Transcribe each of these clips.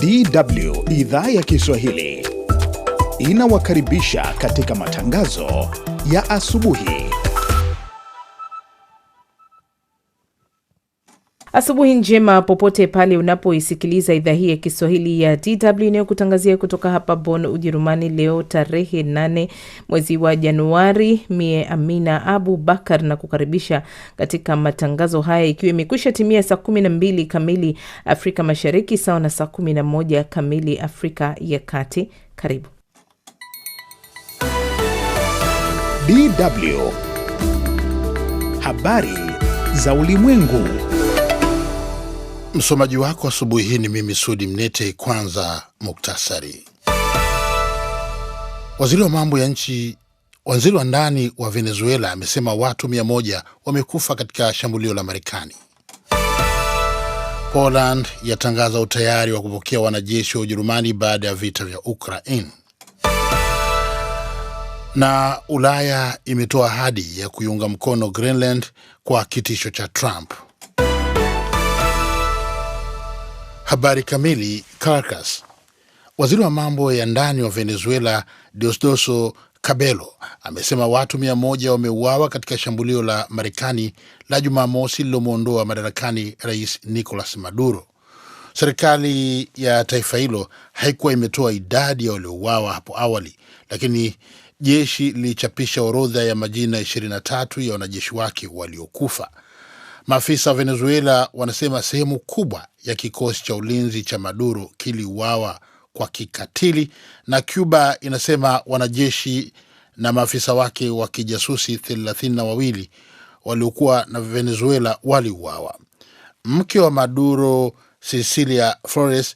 DW idhaa ya Kiswahili inawakaribisha katika matangazo ya asubuhi. Asubuhi njema popote pale unapoisikiliza idhaa hii ya Kiswahili ya DW inayokutangazia kutoka hapa bon Ujerumani. Leo tarehe 8 mwezi wa Januari, mie Amina Abu Bakar na kukaribisha katika matangazo haya, ikiwa imekwisha timia saa 12 kamili Afrika Mashariki, sawa na saa 11 kamili Afrika ya Kati. Karibu DW habari za ulimwengu. Msomaji wako asubuhi hii ni mimi Sudi Mnete. Kwanza muktasari. Waziri wa mambo ya nchi waziri wa ndani wa Venezuela amesema watu mia moja wamekufa katika shambulio la Marekani. Poland yatangaza utayari wa kupokea wanajeshi wa Ujerumani baada ya vita vya Ukraine. Na Ulaya imetoa ahadi ya kuiunga mkono Greenland kwa kitisho cha Trump. Habari kamili. Caracas. Waziri wa mambo ya ndani wa Venezuela diosdoso Cabello amesema watu mia moja wameuawa katika shambulio la Marekani la Jumamosi lililomwondoa madarakani Rais Nicolas Maduro. Serikali ya taifa hilo haikuwa imetoa idadi ya waliouawa hapo awali, lakini jeshi lilichapisha orodha ya majina 23 ya wanajeshi wake waliokufa. Maafisa wa Venezuela wanasema sehemu kubwa ya kikosi cha ulinzi cha Maduro kiliuawa kwa kikatili, na Cuba inasema wanajeshi na maafisa wake wa kijasusi thelathini na wawili waliokuwa na Venezuela waliuawa. Mke wa Maduro, Cecilia Flores,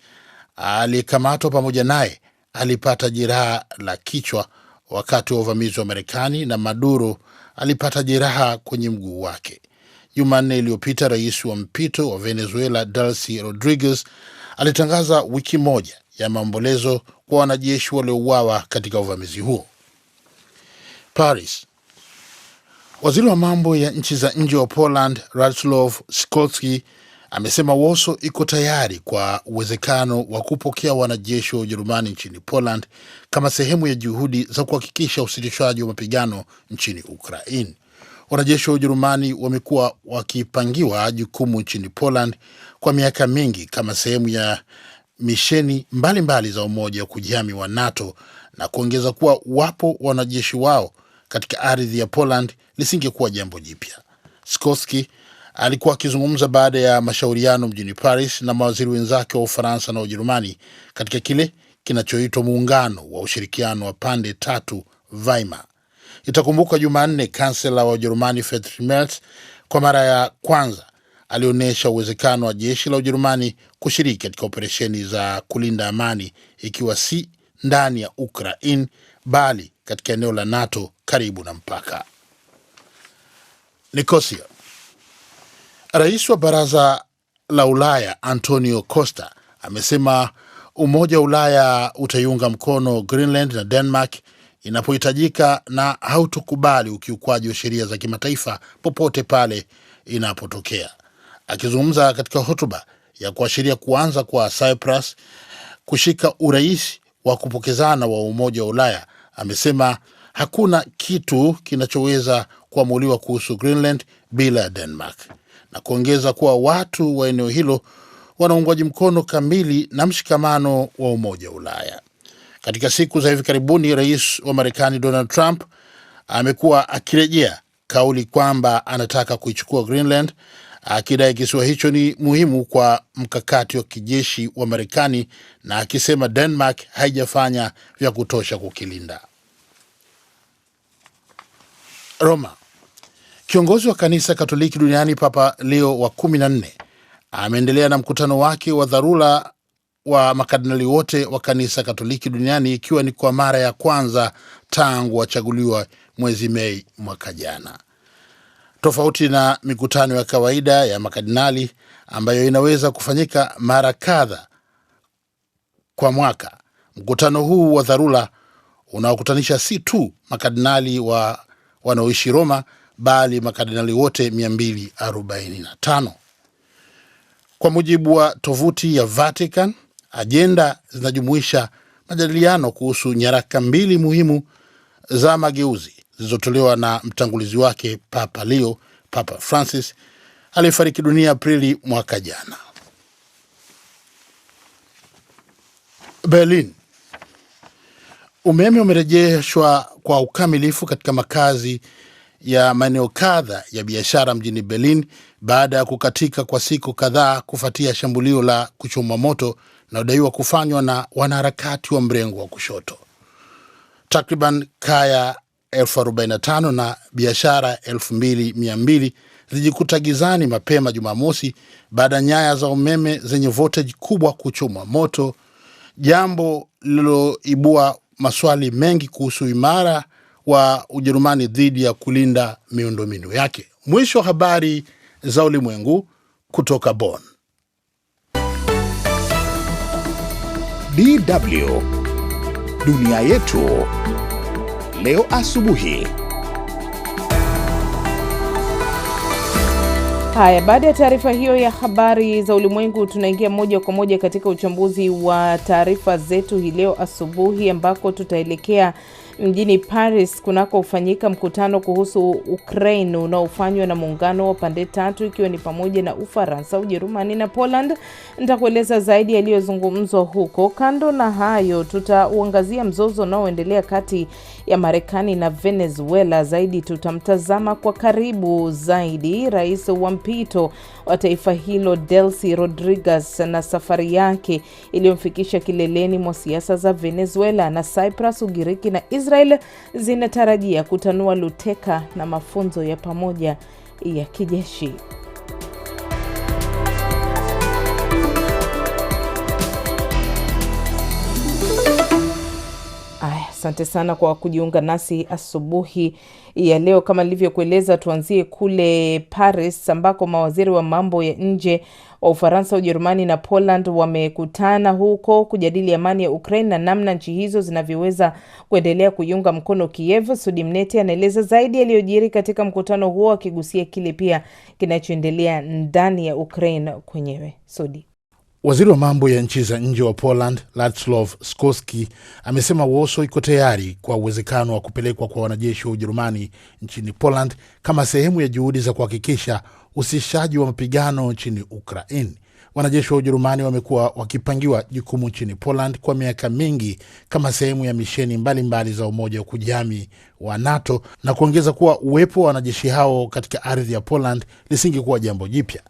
aliyekamatwa pamoja naye alipata jeraha la kichwa wakati wa uvamizi wa Marekani, na Maduro alipata jeraha kwenye mguu wake. Jumanne iliyopita rais wa mpito wa Venezuela Delcy Rodriguez alitangaza wiki moja ya maombolezo kwa wanajeshi waliouawa katika uvamizi huo. Paris. Waziri wa mambo ya nchi za nje wa Poland Radosław Sikorski amesema Woso iko tayari kwa uwezekano wa kupokea wanajeshi wa Ujerumani nchini Poland kama sehemu ya juhudi za kuhakikisha usitishwaji wa mapigano nchini Ukraine. Wanajeshi wa Ujerumani wamekuwa wakipangiwa jukumu nchini Poland kwa miaka mingi kama sehemu ya misheni mbalimbali mbali za Umoja wa Kujihami wa NATO na kuongeza kuwa wapo wanajeshi wao katika ardhi ya Poland lisingekuwa jambo jipya. skoski alikuwa akizungumza baada ya mashauriano mjini Paris na mawaziri wenzake wa Ufaransa na Ujerumani katika kile kinachoitwa muungano wa ushirikiano wa pande tatu Weimar. Itakumbuka Jumanne kansela wa Ujerumani Friedrich Merz kwa mara ya kwanza alionyesha uwezekano wa jeshi la Ujerumani kushiriki katika operesheni za kulinda amani, ikiwa si ndani ya Ukraine bali katika eneo la NATO karibu na mpaka. Nikosia. Rais wa Baraza la Ulaya Antonio Costa amesema Umoja wa Ulaya utaiunga mkono Greenland na Denmark inapohitajika na hautukubali ukiukwaji wa sheria za kimataifa popote pale inapotokea. Akizungumza katika hotuba ya kuashiria kuanza kwa Cyprus kushika urais wa kupokezana wa Umoja wa Ulaya, amesema hakuna kitu kinachoweza kuamuliwa kuhusu Greenland bila ya Denmark na kuongeza kuwa watu wa eneo hilo wanaungwaji mkono kamili na mshikamano wa Umoja wa Ulaya. Katika siku za hivi karibuni, rais wa Marekani Donald Trump amekuwa akirejea kauli kwamba anataka kuichukua Greenland, akidai kisiwa hicho ni muhimu kwa mkakati wa kijeshi wa Marekani na akisema Denmark haijafanya vya kutosha kukilinda. Roma. Kiongozi wa kanisa Katoliki duniani Papa Leo wa kumi na nne ameendelea na mkutano wake wa dharura wa makardinali wote wa kanisa Katoliki duniani ikiwa ni kwa mara ya kwanza tangu wachaguliwa mwezi Mei mwaka jana. Tofauti na mikutano ya kawaida ya makardinali ambayo inaweza kufanyika mara kadha kwa mwaka, mkutano huu wa dharura unaokutanisha si tu makardinali wa wanaoishi Roma bali makardinali wote 245 kwa mujibu wa tovuti ya Vatican. Ajenda zinajumuisha majadiliano kuhusu nyaraka mbili muhimu za mageuzi zilizotolewa na mtangulizi wake Papa Leo, Papa Francis aliyefariki dunia Aprili mwaka jana. Berlin. Umeme umerejeshwa kwa ukamilifu katika makazi ya maeneo kadha ya biashara mjini Berlin baada ya kukatika kwa siku kadhaa kufuatia shambulio la kuchoma moto unaodaiwa kufanywa na wanaharakati wa mrengo wa kushoto. Takriban kaya elfu arobaini na tano na biashara elfu mbili mia mbili zilijikuta gizani mapema Jumamosi baada ya nyaya za umeme zenye voltage kubwa kuchomwa moto, jambo lililoibua maswali mengi kuhusu imara wa Ujerumani dhidi ya kulinda miundombinu yake. Mwisho wa habari za ulimwengu kutoka Bonn. DW Dunia Yetu Leo Asubuhi. Haya, baada ya taarifa hiyo ya habari za ulimwengu, tunaingia moja kwa moja katika uchambuzi wa taarifa zetu hii leo asubuhi, ambako tutaelekea mjini Paris kunakofanyika mkutano kuhusu Ukraine unaofanywa na muungano wa pande tatu ikiwa ni pamoja na Ufaransa, Ujerumani na Poland. Nitakueleza zaidi yaliyozungumzwa huko. Kando na hayo, tutauangazia mzozo unaoendelea kati ya Marekani na Venezuela. Zaidi tutamtazama kwa karibu zaidi rais wa mpito wa taifa hilo delsi Rodriguez na safari yake iliyomfikisha kileleni mwa siasa za Venezuela na Cyprus, Ugiriki na Israel zinatarajia kutanua luteka na mafunzo ya pamoja ya kijeshi. Asante sana kwa kujiunga nasi asubuhi ya leo kama nilivyokueleza, tuanzie kule Paris ambako mawaziri wa mambo ya nje wa Ufaransa, Ujerumani na Poland wamekutana huko kujadili amani ya Ukraine na namna nchi hizo zinavyoweza kuendelea kuiunga mkono Kiev. Sudi anaeleza zaidi yaliyojiri katika mkutano huo, akigusia kile pia kinachoendelea ndani ya Ukraine kwenyewe. Sudi. Waziri wa mambo ya nchi za nje wa Poland Ladslaw Sikorski amesema Warsaw iko tayari kwa uwezekano wa kupelekwa kwa wanajeshi wa Ujerumani nchini Poland kama sehemu ya juhudi za kuhakikisha usitishaji wa mapigano nchini Ukraine. Wanajeshi wa Ujerumani wamekuwa wakipangiwa jukumu nchini Poland kwa miaka mingi kama sehemu ya misheni mbalimbali mbali za Umoja wa Kujihami wa NATO na kuongeza kuwa uwepo wa wanajeshi hao katika ardhi ya Poland lisingekuwa jambo jipya.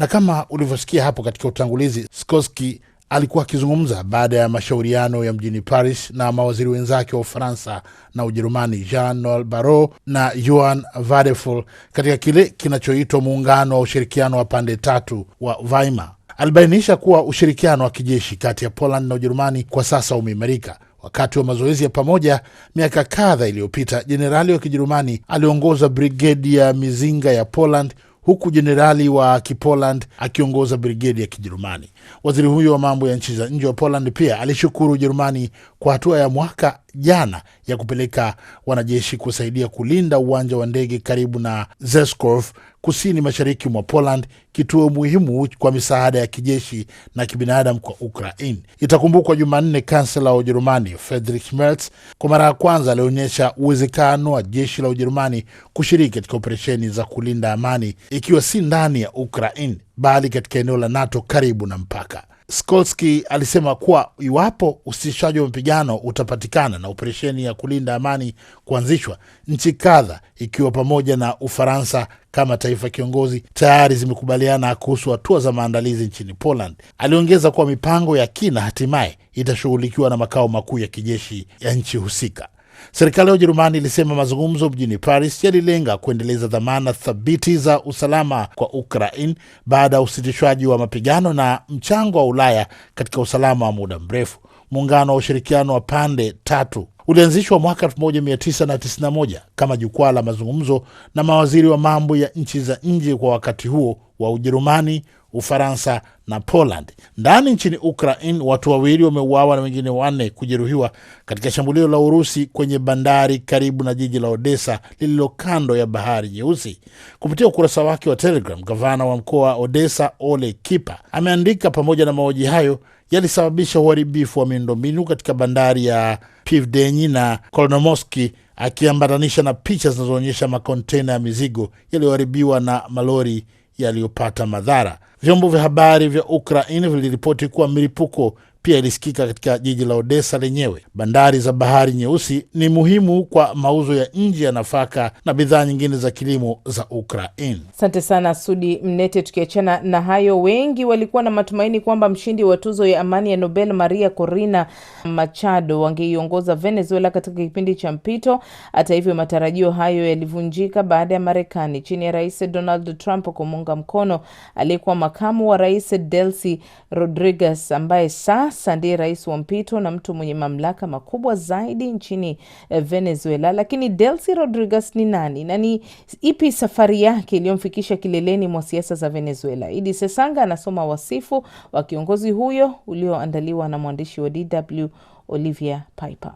Na kama ulivyosikia hapo katika utangulizi, Skoski alikuwa akizungumza baada ya mashauriano ya mjini Paris na mawaziri wenzake wa Ufaransa na Ujerumani, Jean Noel baro na juan Wadephul, katika kile kinachoitwa muungano wa ushirikiano wa pande tatu wa Weimar. Alibainisha kuwa ushirikiano wa kijeshi kati ya Poland na Ujerumani kwa sasa umeimarika. Wakati wa mazoezi ya pamoja miaka kadha iliyopita, jenerali wa Kijerumani aliongoza brigedi ya mizinga ya Poland huku jenerali wa Kipoland akiongoza brigedi ya Kijerumani. Waziri huyo wa mambo ya nchi za nje wa Poland pia alishukuru Ujerumani kwa hatua ya mwaka jana ya kupeleka wanajeshi kusaidia kulinda uwanja wa ndege karibu na zeskof kusini mashariki mwa Poland, kituo muhimu kwa misaada ya kijeshi na kibinadamu kwa Ukraine. Itakumbukwa Jumanne, kansela wa Ujerumani fredrik Merz kwa mara ya kwanza alionyesha uwezekano wa jeshi la Ujerumani kushiriki katika operesheni za kulinda amani, ikiwa si ndani ya Ukraine bali katika eneo la NATO karibu na mpaka skolski alisema kuwa iwapo usitishaji wa mapigano utapatikana na operesheni ya kulinda amani kuanzishwa, nchi kadha ikiwa pamoja na Ufaransa kama taifa kiongozi tayari zimekubaliana kuhusu hatua za maandalizi nchini Poland. Aliongeza kuwa mipango ya kina hatimaye itashughulikiwa na makao makuu ya kijeshi ya nchi husika. Serikali ya Ujerumani ilisema mazungumzo mjini Paris yalilenga kuendeleza dhamana thabiti za usalama kwa Ukraine baada ya usitishwaji wa mapigano na mchango wa Ulaya katika usalama wa muda mrefu. Muungano wa ushirikiano wa pande tatu ulianzishwa mwaka 1991 kama jukwaa la mazungumzo na mawaziri wa mambo ya nchi za nje kwa wakati huo wa Ujerumani, Ufaransa na Poland. Ndani nchini Ukraine, watu wawili wameuawa na wengine wanne kujeruhiwa katika shambulio la Urusi kwenye bandari karibu na jiji la Odessa lililo kando ya bahari Nyeusi. Kupitia ukurasa wake wa Telegram, gavana wa mkoa wa Odessa Ole Kipa ameandika, pamoja na mauaji hayo yalisababisha uharibifu wa miundombinu katika bandari ya Pivdeni na Kolnomoski, akiambatanisha na picha zinazoonyesha makontena ya mizigo yaliyoharibiwa na malori yaliyopata madhara. Vyombo vya habari vya Ukraini viliripoti kuwa milipuko pia ilisikika katika jiji la Odessa lenyewe. Bandari za Bahari Nyeusi ni muhimu kwa mauzo ya nje ya nafaka na bidhaa nyingine za kilimo za Ukraine. Asante sana Sudi Mnete. Tukiachana na hayo, wengi walikuwa na matumaini kwamba mshindi wa tuzo ya amani ya Nobel Maria Corina Machado wangeiongoza Venezuela katika kipindi cha mpito. Hata hivyo, matarajio hayo yalivunjika baada ya Marekani chini ya Rais Donald Trump kumuunga mkono aliyekuwa makamu wa rais delsi Rodriguez ambaye saa sasa ndiye rais wa mpito na mtu mwenye mamlaka makubwa zaidi nchini eh, Venezuela. Lakini delsi Rodriguez ni nani na ni ipi safari yake iliyomfikisha kileleni mwa siasa za Venezuela? Idi Sesanga anasoma wasifu wa kiongozi huyo ulioandaliwa na mwandishi wa DW Olivia Piper.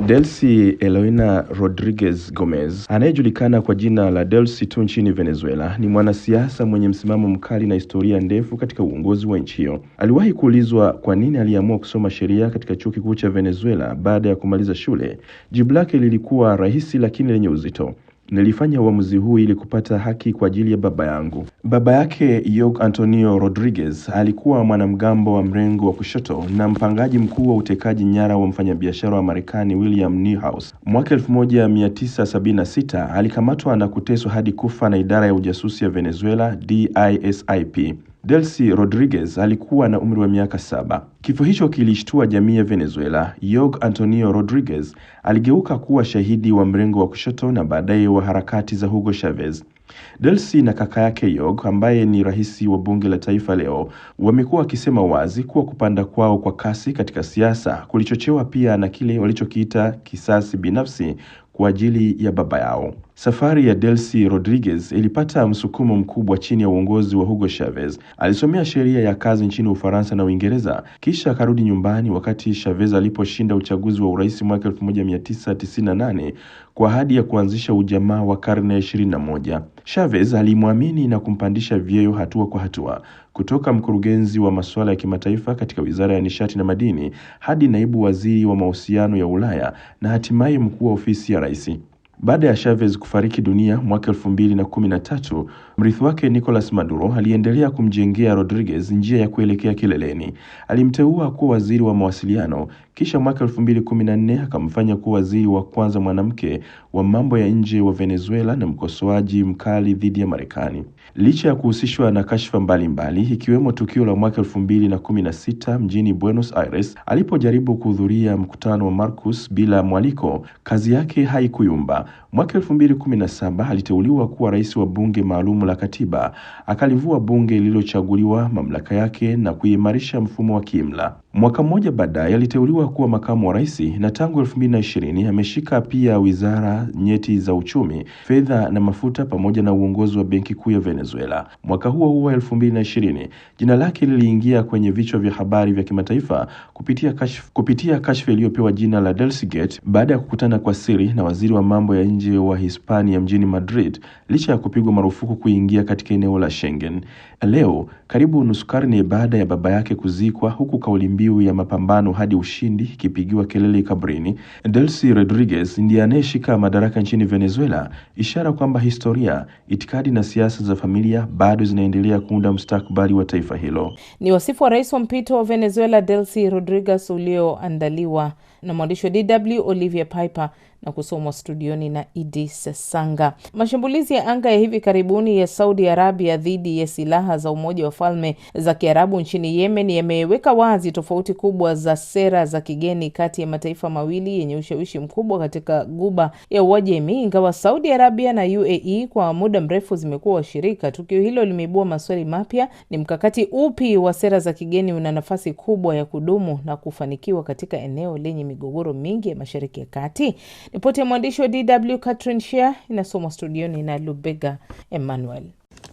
Delcy Eloina Rodriguez Gomez anayejulikana kwa jina la Delcy tu nchini Venezuela ni mwanasiasa mwenye msimamo mkali na historia ndefu katika uongozi wa nchi hiyo. Aliwahi kuulizwa kwa nini aliamua kusoma sheria katika chuo kikuu cha Venezuela baada ya kumaliza shule. Jibu lake lilikuwa rahisi lakini lenye uzito. Nilifanya uamuzi huu ili kupata haki kwa ajili ya baba yangu. Baba yake York Antonio Rodriguez alikuwa mwanamgambo wa mrengo wa kushoto na mpangaji mkuu wa utekaji nyara wa mfanyabiashara wa Marekani William Newhouse. Mwaka 1976 alikamatwa na kuteswa hadi kufa na idara ya ujasusi ya Venezuela DISIP. Delcy Rodriguez alikuwa na umri wa miaka saba. Kifo hicho kilishtua jamii ya Venezuela. yog Antonio Rodriguez aligeuka kuwa shahidi wa mrengo wa kushoto na baadaye wa harakati za Hugo Chavez. Delcy na kaka yake yog ambaye ni rais wa bunge la taifa leo wamekuwa wakisema wazi kuwa kupanda kwao kwa kasi katika siasa kulichochewa pia na kile walichokiita kisasi binafsi kwa ajili ya baba yao. Safari ya Delcy Rodriguez ilipata msukumo mkubwa chini ya uongozi wa Hugo Chavez. Alisomea sheria ya kazi nchini Ufaransa na Uingereza, kisha akarudi nyumbani wakati Chavez aliposhinda uchaguzi wa urais mwaka 1998 kwa ahadi ya kuanzisha ujamaa wa karne ya 21. Chavez alimwamini na kumpandisha vyeo hatua kwa hatua kutoka mkurugenzi wa masuala ya kimataifa katika Wizara ya Nishati na Madini hadi naibu waziri wa mahusiano ya Ulaya na hatimaye mkuu wa ofisi ya rais. Baada ya Chavez kufariki dunia mwaka elfu mbili na kumi na tatu, Mrithi wake Nicolas Maduro aliendelea kumjengea Rodriguez njia ya kuelekea kileleni. Alimteua kuwa waziri wa mawasiliano, kisha mwaka 2014 akamfanya kuwa waziri wa kwanza mwanamke wa mambo ya nje wa Venezuela na mkosoaji mkali dhidi ya Marekani. Licha ya kuhusishwa na kashfa mbalimbali ikiwemo tukio la mwaka 2016 mjini Buenos Aires alipojaribu kuhudhuria mkutano wa Marcus bila mwaliko, kazi yake haikuyumba. Mwaka 2017 aliteuliwa kuwa rais wa bunge maalum la katiba, akalivua bunge lililochaguliwa mamlaka yake na kuimarisha mfumo wa kiimla. Mwaka mmoja baadaye aliteuliwa kuwa makamu wa rais na tangu 2020 ameshika pia wizara nyeti za uchumi, fedha na mafuta pamoja na uongozi wa benki kuu ya Venezuela. Mwaka huo huo 2020 jina lake liliingia kwenye vichwa vya habari vya kimataifa kupitia kashfa kupitia kashfa iliyopewa jina la Delsgate baada ya kukutana kwa siri na waziri wa mambo ya nje nje wa Hispania mjini Madrid licha ya kupigwa marufuku kuingia katika eneo la Schengen. Leo karibu nusu karne baada ya baba yake kuzikwa, huku kauli mbiu ya mapambano hadi ushindi ikipigiwa kelele kabrini, Delcy Rodriguez ndiye anayeshika madaraka nchini Venezuela, ishara kwamba historia, itikadi na siasa za familia bado zinaendelea kuunda mustakabali wa taifa hilo. Ni wasifu wa rais wa mpito wa Venezuela Delcy Rodriguez ulioandaliwa na mwandishi wa DW Olivia Piper na kusomwa studioni na Idi Sesanga. Mashambulizi ya anga ya hivi karibuni ya Saudi Arabia dhidi ya silaha za Umoja wa Falme za Kiarabu nchini Yemen yameweka wazi tofauti kubwa za sera za kigeni kati ya mataifa mawili yenye ushawishi mkubwa katika Guba ya Uajemi. Ingawa Saudi Arabia na UAE kwa muda mrefu zimekuwa washirika, tukio hilo limeibua maswali mapya: ni mkakati upi wa sera za kigeni una nafasi kubwa ya kudumu na kufanikiwa katika eneo lenye migogoro mingi ya Mashariki ya Kati? Ripoti ya mwandishi wa DW Catherine Shea inasomwa studioni na Lubega Emmanuel.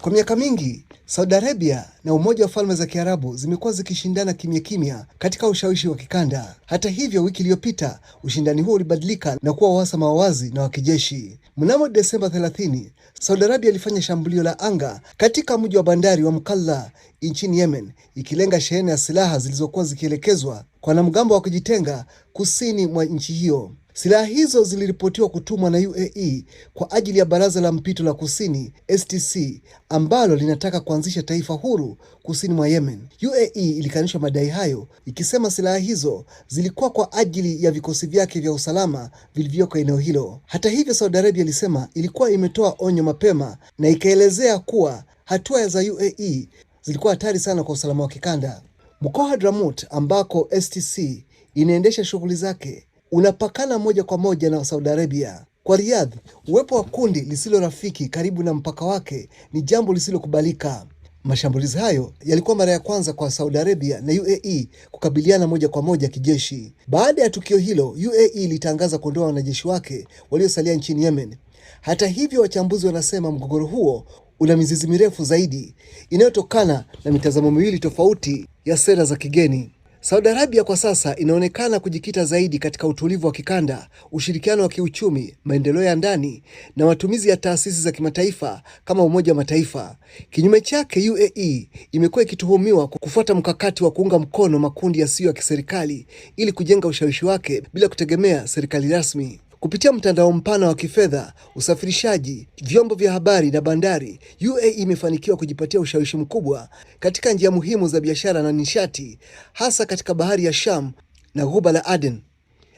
Kwa miaka mingi Saudi Arabia na Umoja wa Falme za Kiarabu zimekuwa zikishindana kimya kimya katika ushawishi wa kikanda. Hata hivyo, wiki iliyopita ushindani huo ulibadilika na kuwa uhasama wa wazi na wa kijeshi. Mnamo Desemba 30, Saudi Arabia ilifanya shambulio la anga katika mji wa bandari wa Mukalla nchini Yemen, ikilenga shehena ya silaha zilizokuwa zikielekezwa kwa wanamgambo wa kujitenga kusini mwa nchi hiyo. Silaha hizo ziliripotiwa kutumwa na UAE kwa ajili ya Baraza la Mpito la Kusini STC ambalo linataka kuanzisha taifa huru kusini mwa Yemen. UAE ilikanusha madai hayo ikisema silaha hizo zilikuwa kwa ajili ya vikosi vyake vya usalama vilivyoko eneo hilo. Hata hivyo, Saudi Arabia ilisema ilikuwa imetoa onyo mapema na ikaelezea kuwa hatua za UAE zilikuwa hatari sana kwa usalama wa kikanda. Mkoa wa Dramut ambako STC inaendesha shughuli zake unapakana moja kwa moja na Saudi Arabia. Kwa Riyadh, uwepo wa kundi lisilo rafiki karibu na mpaka wake ni jambo lisilokubalika. Mashambulizi hayo yalikuwa mara ya kwanza kwa Saudi Arabia na UAE kukabiliana moja kwa moja kijeshi. Baada ya tukio hilo, UAE ilitangaza kuondoa wanajeshi wake waliosalia nchini Yemen. Hata hivyo, wachambuzi wanasema mgogoro huo una mizizi mirefu zaidi inayotokana na mitazamo miwili tofauti ya sera za kigeni. Saudi Arabia kwa sasa inaonekana kujikita zaidi katika utulivu wa kikanda, ushirikiano wa kiuchumi, maendeleo ya ndani na matumizi ya taasisi za kimataifa kama Umoja wa Mataifa. Kinyume chake, UAE imekuwa ikituhumiwa kufuata mkakati wa kuunga mkono makundi yasiyo ya kiserikali ili kujenga ushawishi wake bila kutegemea serikali rasmi. Kupitia mtandao mpana wa kifedha, usafirishaji, vyombo vya habari na bandari, UAE imefanikiwa kujipatia ushawishi mkubwa katika njia muhimu za biashara na nishati, hasa katika bahari ya Sham na Ghuba la Aden.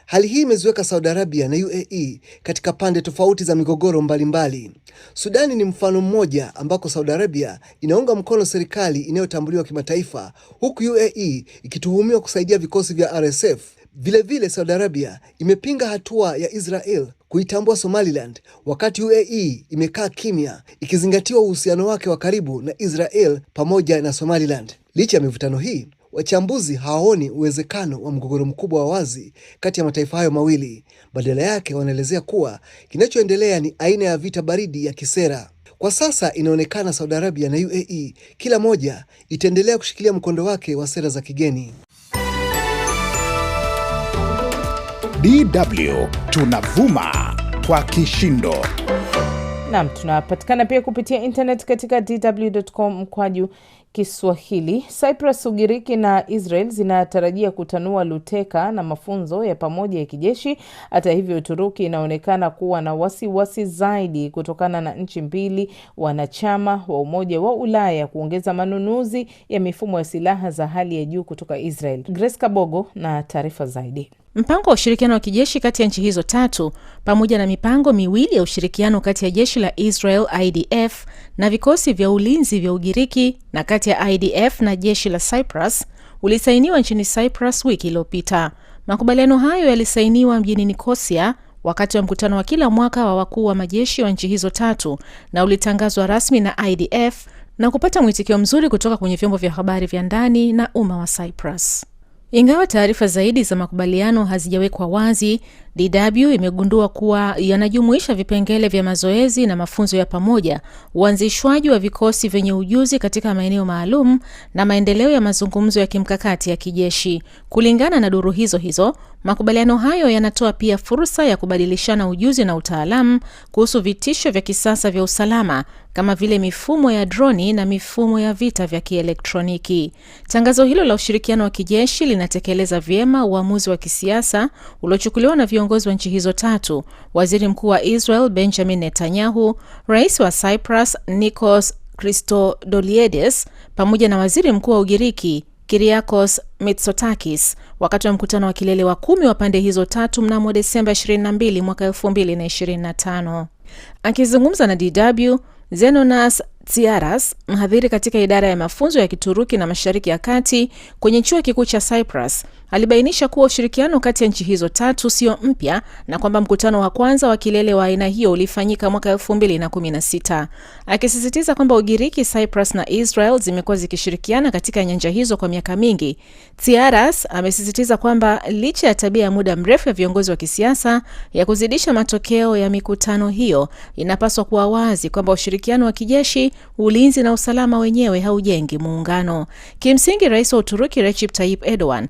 Hali hii imeziweka Saudi Arabia na UAE katika pande tofauti za migogoro mbalimbali. Sudani ni mfano mmoja ambako Saudi Arabia inaunga mkono serikali inayotambuliwa kimataifa, huku UAE ikituhumiwa kusaidia vikosi vya RSF Vilevile Saudi Arabia imepinga hatua ya Israel kuitambua Somaliland wakati UAE imekaa kimya ikizingatiwa uhusiano wake wa karibu na Israel pamoja na Somaliland. Licha ya mivutano hii, wachambuzi hawaoni uwezekano wa mgogoro mkubwa wa wazi kati ya mataifa hayo mawili. Badala yake, wanaelezea kuwa kinachoendelea ni aina ya vita baridi ya kisera. Kwa sasa inaonekana Saudi Arabia na UAE kila moja itaendelea kushikilia mkondo wake wa sera za kigeni. DW tunavuma kwa kishindo. Naam, tunapatikana pia kupitia internet katika dw.com mkwaju Kiswahili. Cyprus, Ugiriki na Israel zinatarajia kutanua luteka na mafunzo ya pamoja ya kijeshi. Hata hivyo, Uturuki inaonekana kuwa na wasiwasi zaidi kutokana na nchi mbili wanachama wa Umoja wa Ulaya kuongeza manunuzi ya mifumo ya silaha za hali ya juu kutoka Israel. Grace Kabogo na taarifa zaidi. Mpango wa ushirikiano wa kijeshi kati ya nchi hizo tatu pamoja na mipango miwili ya ushirikiano kati ya jeshi la Israel IDF na vikosi vya ulinzi vya Ugiriki na kati ya IDF na jeshi la Cyprus ulisainiwa nchini Cyprus wiki iliyopita. Makubaliano hayo yalisainiwa mjini Nikosia wakati wa mkutano wa kila mwaka wa wakuu wa majeshi wa nchi hizo tatu na ulitangazwa rasmi na IDF na kupata mwitikio mzuri kutoka kwenye vyombo vya habari vya ndani na umma wa Cyprus. Ingawa taarifa zaidi za makubaliano hazijawekwa wazi, DW imegundua kuwa yanajumuisha vipengele vya mazoezi na mafunzo ya pamoja, uanzishwaji wa vikosi vyenye ujuzi katika maeneo maalum na maendeleo ya mazungumzo ya kimkakati ya kijeshi. Kulingana na duru hizo hizo, makubaliano hayo yanatoa pia fursa ya kubadilishana ujuzi na utaalamu kuhusu vitisho vya kisasa vya usalama kama vile mifumo ya droni na mifumo ya vita vya kielektroniki. Tangazo hilo la ushirikiano wa kijeshi linatekeleza vyema uamuzi wa kisiasa uliochukuliwa na viongozi wa nchi hizo tatu, waziri mkuu wa Israel Benjamin Netanyahu, rais wa Cyprus Nikos christodoliedes pamoja na waziri mkuu wa Ugiriki kiriakos Mitsotakis wakati wa mkutano wa kilele wa kumi wa pande hizo tatu mnamo Desemba 22 mwaka 2025. Akizungumza na DW, Zenonas tiaras mhadhiri katika idara ya mafunzo ya Kituruki na Mashariki ya Kati kwenye chuo kikuu cha Cyprus, Alibainisha kuwa ushirikiano kati ya nchi hizo tatu sio mpya na kwamba mkutano wa kwanza wa kilele wa aina hiyo ulifanyika mwaka 2016, akisisitiza kwamba Ugiriki, Cyprus na Israel zimekuwa zikishirikiana katika nyanja hizo kwa miaka mingi. tiaras amesisitiza kwamba licha ya tabia ya muda mrefu ya viongozi wa kisiasa ya kuzidisha matokeo ya mikutano hiyo, inapaswa kuwa wazi kwamba ushirikiano wa kijeshi, ulinzi na usalama wenyewe haujengi muungano. Kimsingi, rais wa Uturuki rechip tayip edoan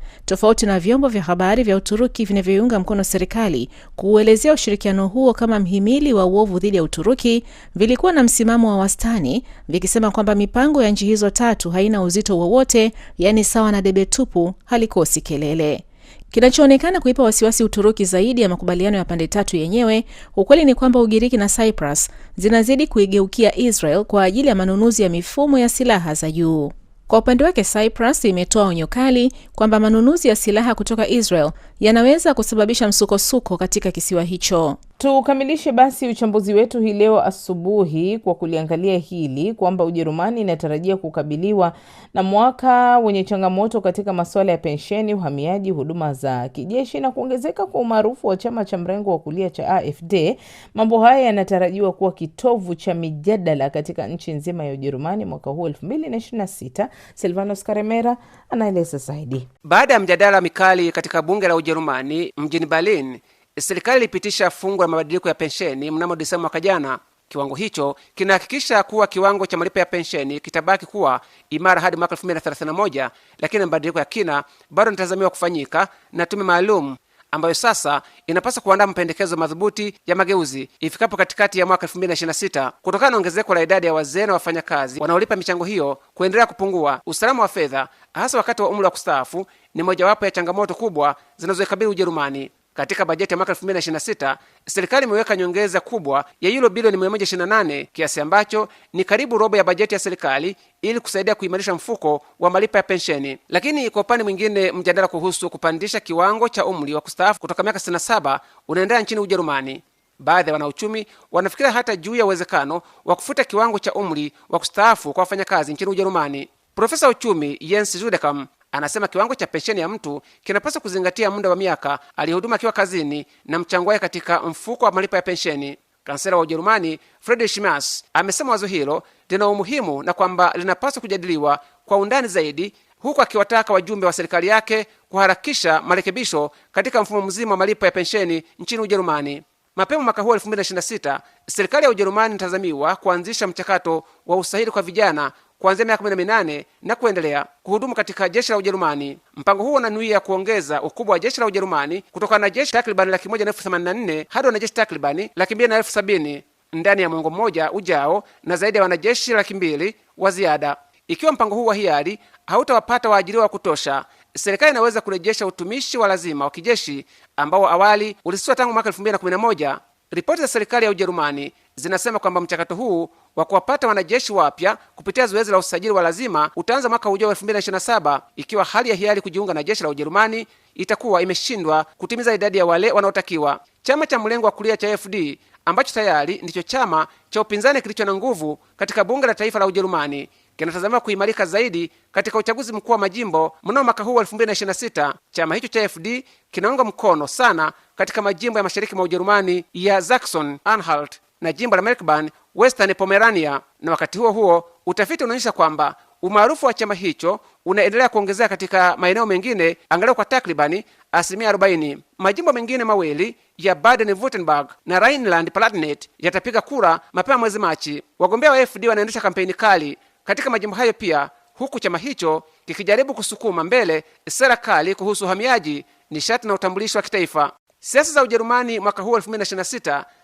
tofauti na vyombo vya habari vya Uturuki vinavyoiunga mkono serikali, kuuelezea ushirikiano huo kama mhimili wa uovu dhidi ya Uturuki, vilikuwa na msimamo wa wastani, vikisema kwamba mipango ya nchi hizo tatu haina uzito wowote, yaani sawa na debe tupu, halikosi kelele. Kinachoonekana kuipa wasiwasi Uturuki zaidi ya makubaliano ya pande tatu yenyewe, ukweli ni kwamba Ugiriki na Cyprus zinazidi kuigeukia Israel kwa ajili ya manunuzi ya mifumo ya silaha za juu. Kwa upande wake, Cyprus imetoa onyo kali kwamba manunuzi ya silaha kutoka Israel yanaweza kusababisha msukosuko katika kisiwa hicho. Tukamilishe basi uchambuzi wetu hii leo asubuhi kwa kuliangalia hili kwamba Ujerumani inatarajia kukabiliwa na mwaka wenye changamoto katika masuala ya pensheni, uhamiaji, huduma za kijeshi na kuongezeka kwa umaarufu wa chama cha mrengo wa kulia cha AfD. Mambo haya yanatarajiwa kuwa kitovu cha mijadala katika nchi nzima ya Ujerumani mwaka huu 226 Silvanos Karemera anaeleza zaidi. Baada ya mjadala mikali katika bunge la Ujerumani mjini Berlin Serikali ilipitisha fungu la mabadiliko ya pensheni mnamo Desemba mwaka jana. Kiwango hicho kinahakikisha kuwa kiwango cha malipo ya pensheni kitabaki kuwa imara hadi mwaka 231 lakini mabadiliko ya kina bado inatazamiwa kufanyika na tume maalum ambayo sasa inapaswa kuandaa mapendekezo madhubuti ya mageuzi ifikapo katikati ya mwaka 2026. Kutokana na ongezeko la idadi ya wazee na wafanyakazi wanaolipa michango hiyo kuendelea kupungua, usalama wa fedha hasa wakati wa umri wa kustaafu ni mojawapo ya changamoto kubwa zinazoikabili Ujerumani. Katika bajeti ya mwaka 2026 serikali imeweka nyongeza kubwa ya yulo bilioni 128 kiasi ambacho ni karibu robo ya bajeti ya serikali ili kusaidia kuimarisha mfuko wa malipo ya pensheni. Lakini kwa upande mwingine, mjadala kuhusu kupandisha kiwango cha umri wa kustaafu kutoka miaka 67 unaendelea nchini Ujerumani. Baadhi ya wanauchumi wanafikira hata juu ya uwezekano wa kufuta kiwango cha umri wa kustaafu kwa wafanyakazi nchini Ujerumani. Profesa uchumi Jens Zudekam Anasema kiwango cha pensheni ya mtu kinapaswa kuzingatia muda wa miaka aliyehuduma akiwa kazini na mchango wake katika mfuko wa malipo ya pensheni. Kansela wa Ujerumani Friedrich Merz amesema wazo hilo lina umuhimu na kwamba linapaswa kujadiliwa kwa undani zaidi, huku akiwataka wajumbe wa serikali yake kuharakisha marekebisho katika mfumo mzima wa malipo ya pensheni nchini Ujerumani. Mapema mwaka huu 2026 serikali ya Ujerumani inatazamiwa kuanzisha mchakato wa usahili kwa vijana kuanzia miaka 18 na kuendelea kuhudumu katika jeshi la Ujerumani. Mpango huo unanuia kuongeza ukubwa wa jeshi la Ujerumani kutoka na jeshi takribani laki moja na elfu themanini na nne hadi wanajeshi takribani laki mbili na elfu sabini ndani ya mwongo mmoja ujao na zaidi ya wanajeshi laki mbili wa ziada. Ikiwa mpango huu wa hiari hautawapata waajiriwa wa kutosha, serikali inaweza kurejesha utumishi wa lazima wa kijeshi ambao awali ulisitishwa tangu mwaka 2011. Ripoti za serikali ya Ujerumani zinasema kwamba mchakato huu wa kuwapata wanajeshi wapya kupitia zoezi la usajili wa lazima utaanza mwaka ujao 2027 ikiwa hali ya hiari kujiunga na jeshi la Ujerumani itakuwa imeshindwa kutimiza idadi ya wale wanaotakiwa. Chama cha mlengo wa kulia cha AfD ambacho tayari ndicho chama cha upinzani kilicho na nguvu katika bunge la taifa la Ujerumani kinatazamiwa kuimarika zaidi katika uchaguzi mkuu wa majimbo mnamo mwaka huu wa 2026. Chama hicho cha AfD kinaungwa mkono sana katika majimbo ya mashariki mwa Ujerumani ya Saxon Anhalt na jimbo la Melkban Western Pomerania. Na wakati huo huo utafiti unaonyesha kwamba umaarufu wa chama hicho unaendelea kuongezeka katika maeneo mengine, angalau kwa takribani asilimia 40. Majimbo mengine mawili ya Baden-Württemberg na Rhineland-Palatinate yatapiga kura mapema mwezi Machi. Wagombea wa AfD wanaendesha kampeni kali katika majimbo hayo pia, huku chama hicho kikijaribu kusukuma mbele sera kali kuhusu uhamiaji, nishati na utambulisho wa kitaifa. Siasa za Ujerumani mwaka huu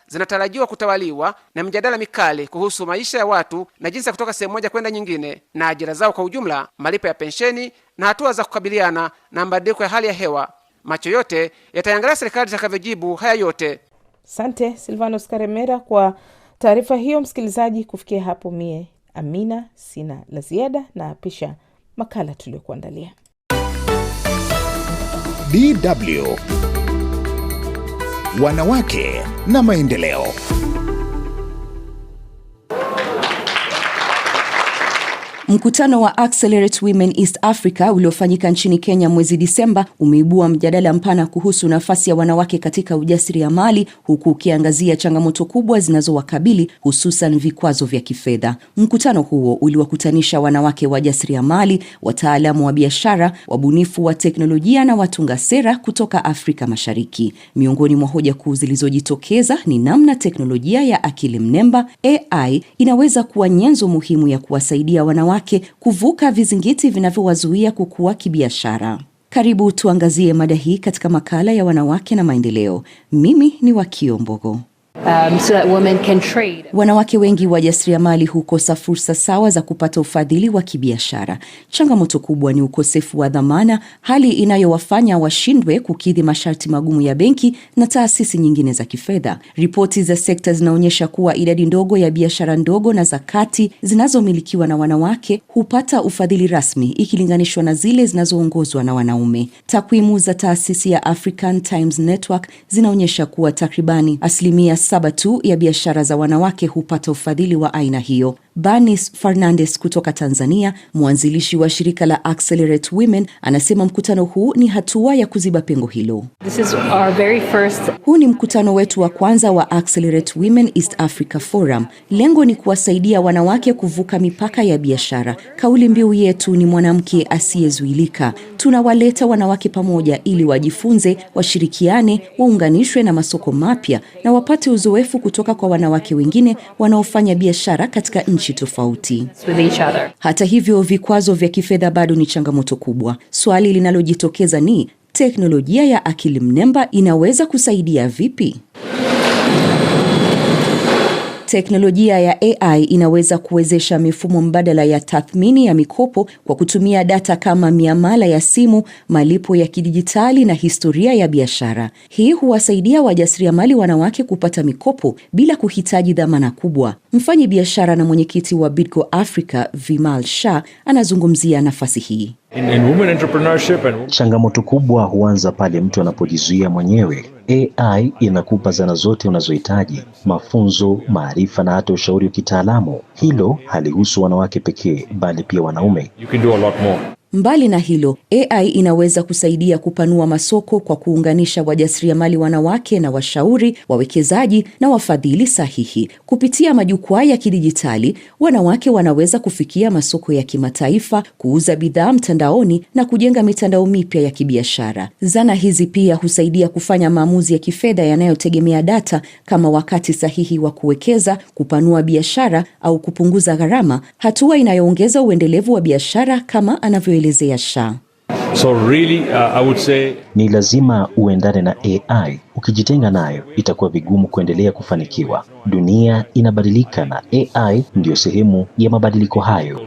zinatarajiwa kutawaliwa na mijadala mikali kuhusu maisha ya watu na jinsi ya kutoka sehemu moja kwenda nyingine na ajira zao kwa ujumla, malipo ya pensheni na hatua za kukabiliana na mabadiliko ya hali ya hewa. Macho yote yataangalia serikali itakavyojibu haya yote. sante Silvanos Karemera kwa taarifa hiyo. Msikilizaji, kufikia hapo mie Amina sina la ziada, na pisha makala tuliyokuandalia DW wanawake na maendeleo. Mkutano wa Accelerate Women East Africa uliofanyika nchini Kenya mwezi Disemba umeibua mjadala mpana kuhusu nafasi ya wanawake katika ujasiriamali huku ukiangazia changamoto kubwa zinazowakabili hususan vikwazo vya kifedha. Mkutano huo uliwakutanisha wanawake wajasiriamali, wataalamu wa biashara, wabunifu wa teknolojia na watunga sera kutoka Afrika Mashariki. Miongoni mwa hoja kuu zilizojitokeza ni namna teknolojia ya akili mnemba AI inaweza kuwa nyenzo muhimu ya kuwasaidia wanawake wanawake kuvuka vizingiti vinavyowazuia kukua kibiashara. Karibu tuangazie mada hii katika makala ya wanawake na maendeleo. Mimi ni Wakio Mbogo um, so that women can trade. Wanawake wengi wajasiriamali hukosa fursa sawa za kupata ufadhili wa kibiashara. Changamoto kubwa ni ukosefu wa dhamana, hali inayowafanya washindwe kukidhi masharti magumu ya benki na taasisi nyingine za kifedha. Ripoti za sekta zinaonyesha kuwa idadi ndogo ya biashara ndogo na za kati zinazomilikiwa na wanawake hupata ufadhili rasmi ikilinganishwa na zile zinazoongozwa na wanaume. Takwimu za taasisi ya African Times Network zinaonyesha kuwa takribani asilimia saba tu ya biashara za wanawake hupata ufadhili wa aina hiyo. Bernice Fernandes kutoka Tanzania, mwanzilishi wa shirika la Accelerate Women, anasema mkutano huu ni hatua ya kuziba pengo hilo. This is our very first... Huu ni mkutano wetu wa kwanza wa Accelerate Women East Africa Forum. Lengo ni kuwasaidia wanawake kuvuka mipaka ya biashara. Kauli mbiu yetu ni mwanamke asiyezuilika. Tunawaleta wanawake pamoja ili wajifunze, washirikiane, waunganishwe na masoko mapya na wapate uzoefu kutoka kwa wanawake wengine wanaofanya biashara katika nchi nchi tofauti. Hata hivyo, vikwazo vya kifedha bado ni changamoto kubwa. Swali linalojitokeza ni teknolojia ya akili mnemba inaweza kusaidia vipi? Teknolojia ya AI inaweza kuwezesha mifumo mbadala ya tathmini ya mikopo kwa kutumia data kama miamala ya simu, malipo ya kidijitali na historia ya biashara. Hii huwasaidia wajasiriamali wanawake kupata mikopo bila kuhitaji dhamana kubwa. Mfanyi biashara na mwenyekiti wa BidCo Africa, Vimal Shah, anazungumzia nafasi hii. In, in entrepreneurship and... changamoto kubwa huanza pale mtu anapojizuia mwenyewe AI inakupa zana zote unazohitaji: mafunzo, maarifa na hata ushauri wa kitaalamu. Hilo halihusu wanawake pekee, bali pia wanaume. You can do a lot more. Mbali na hilo, AI inaweza kusaidia kupanua masoko kwa kuunganisha wajasiriamali wanawake na washauri, wawekezaji na wafadhili sahihi. Kupitia majukwaa ya kidijitali, wanawake wanaweza kufikia masoko ya kimataifa, kuuza bidhaa mtandaoni na kujenga mitandao mipya ya kibiashara. Zana hizi pia husaidia kufanya maamuzi ya kifedha yanayotegemea data, kama wakati sahihi wa kuwekeza, kupanua biashara au kupunguza gharama, hatua inayoongeza uendelevu wa biashara kama anavyo alivyoelezea Sha. So really, uh, I would say... ni lazima uendane na AI. Ukijitenga nayo itakuwa vigumu kuendelea kufanikiwa. Dunia inabadilika na AI ndiyo sehemu ya mabadiliko hayo.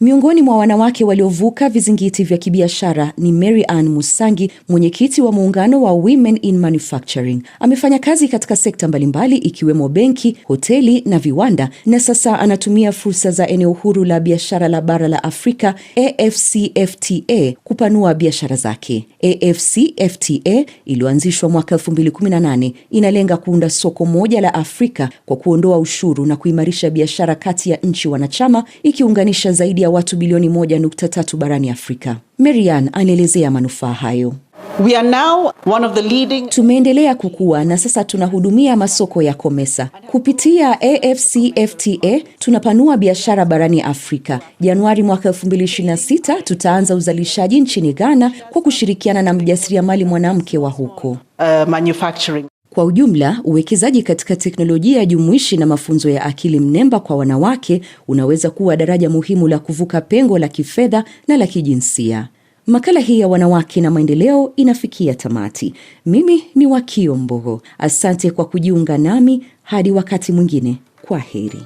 Miongoni mwa wanawake waliovuka vizingiti vya kibiashara ni Mary Ann Musangi, mwenyekiti wa muungano wa Women in Manufacturing. Amefanya kazi katika sekta mbalimbali ikiwemo benki, hoteli na viwanda, na sasa anatumia fursa za eneo huru la biashara la bara la Afrika AfCFTA kupanua biashara zake. AfCFTA iliyoanzishwa mwaka 2018 inalenga kuunda soko moja la Afrika kwa kuondoa ushuru na kuimarisha biashara kati ya nchi wanachama ikiunganisha zaidi ya watu bilioni 1.3 barani Afrika. Marian anaelezea manufaa hayo. We are now one of the leading... Tumeendelea kukua na sasa tunahudumia masoko ya COMESA kupitia AfCFTA. Tunapanua biashara barani Afrika. Januari mwaka 2026 tutaanza uzalishaji nchini Ghana kwa kushirikiana na mjasiriamali mwanamke wa huko uh, manufacturing kwa ujumla, uwekezaji katika teknolojia ya jumuishi na mafunzo ya akili mnemba kwa wanawake unaweza kuwa daraja muhimu la kuvuka pengo la kifedha na la kijinsia. Makala hii ya wanawake na maendeleo inafikia tamati. Mimi ni Wakio Mbogo. Asante kwa kujiunga nami hadi wakati mwingine. Kwa heri.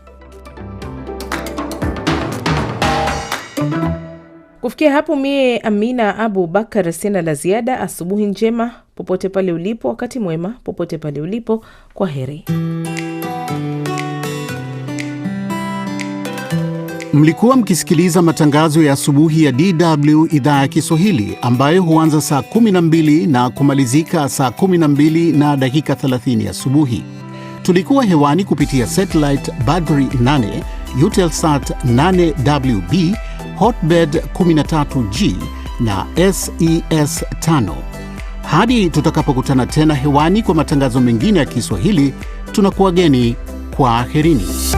Kufikia hapo, mie Amina Abu Bakar sina la ziada. Asubuhi njema Popote pale ulipo, wakati mwema. Popote pale ulipo, kwa heri. Mlikuwa mkisikiliza matangazo ya asubuhi ya DW idhaa ya Kiswahili ambayo huanza saa 12 na kumalizika saa 12 na dakika 30 asubuhi. Tulikuwa hewani kupitia satellite badry 8, utelsat 8WB, hotbed 13G na SES 5. E hadi tutakapokutana tena hewani kwa matangazo mengine ya Kiswahili, tunakuwageni kwa aherini.